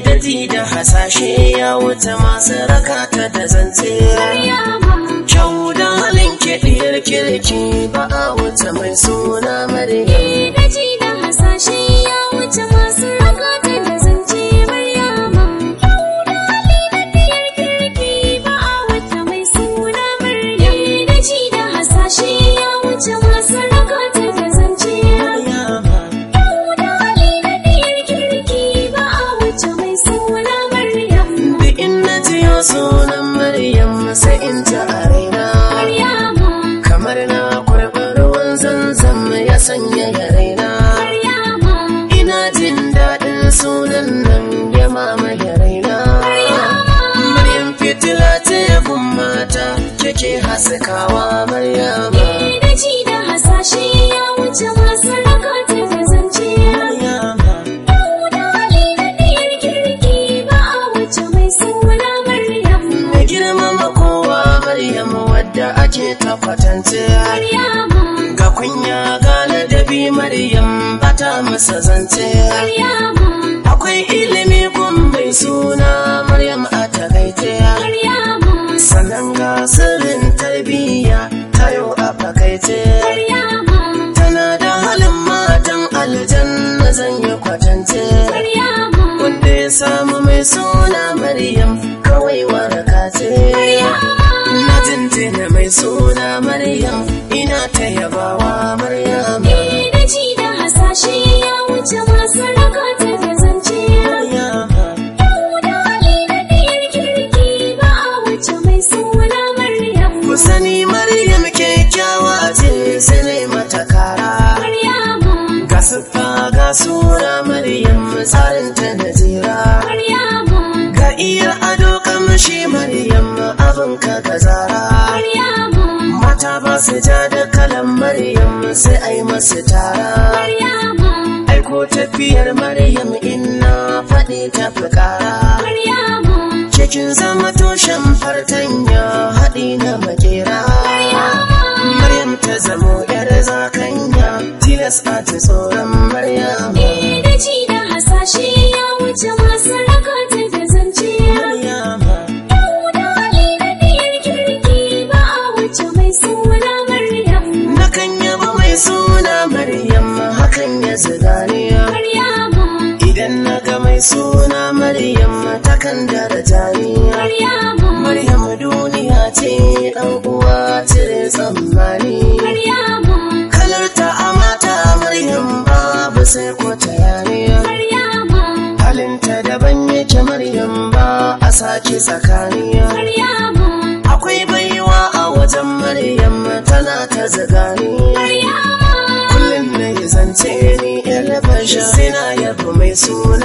dadi daji da hasashe ya wuce masu rakata da zance kyau da halin kiɗiyar kirki ba a wuce mai suna maryam in a raina kamar na kwarɓa ruwan zanzan ya sanya ya raina ina jin daɗin sunan nan ya mama ya raina Maryam fitila ce gun mata kike haskawa Maryam ke ka ga kunya gane da bi maryam bata masa zance akwai ilimi kun mai suna maryam a takaice sannan ga sirrin tarbiyya ta yau a fakaice tana da halin matan aljanna zan yi kwatance wanda ya samu mai suna sura maryam misalin ta nazira ka iya ado kamshi maryam abin ka gazara mata ba su ja da kalan maryam sai ai masu tara aiko tafiyar maryam inna faɗi ta fi ƙara cikin zama tushen fartanya haɗi na makera maryam ta zamo gaska ta tsoron maryama eh da ci da hasashe ya wuce masu rakata da zance maryama dauda ali da biyar kirki ba a wuce mai suna maryam nakan yaba mai suna maryam hakan ya zidaniya maryama idan na ga mai suna maryam takan dara da jariya maryam duniya ce dan sai ko ta yariya halinta daban yake maryam ba a sace tsakaniya akwai baiwa a wajen maryam tana ta zagani kullum na yi zance ni yar basha sina yafi mai suna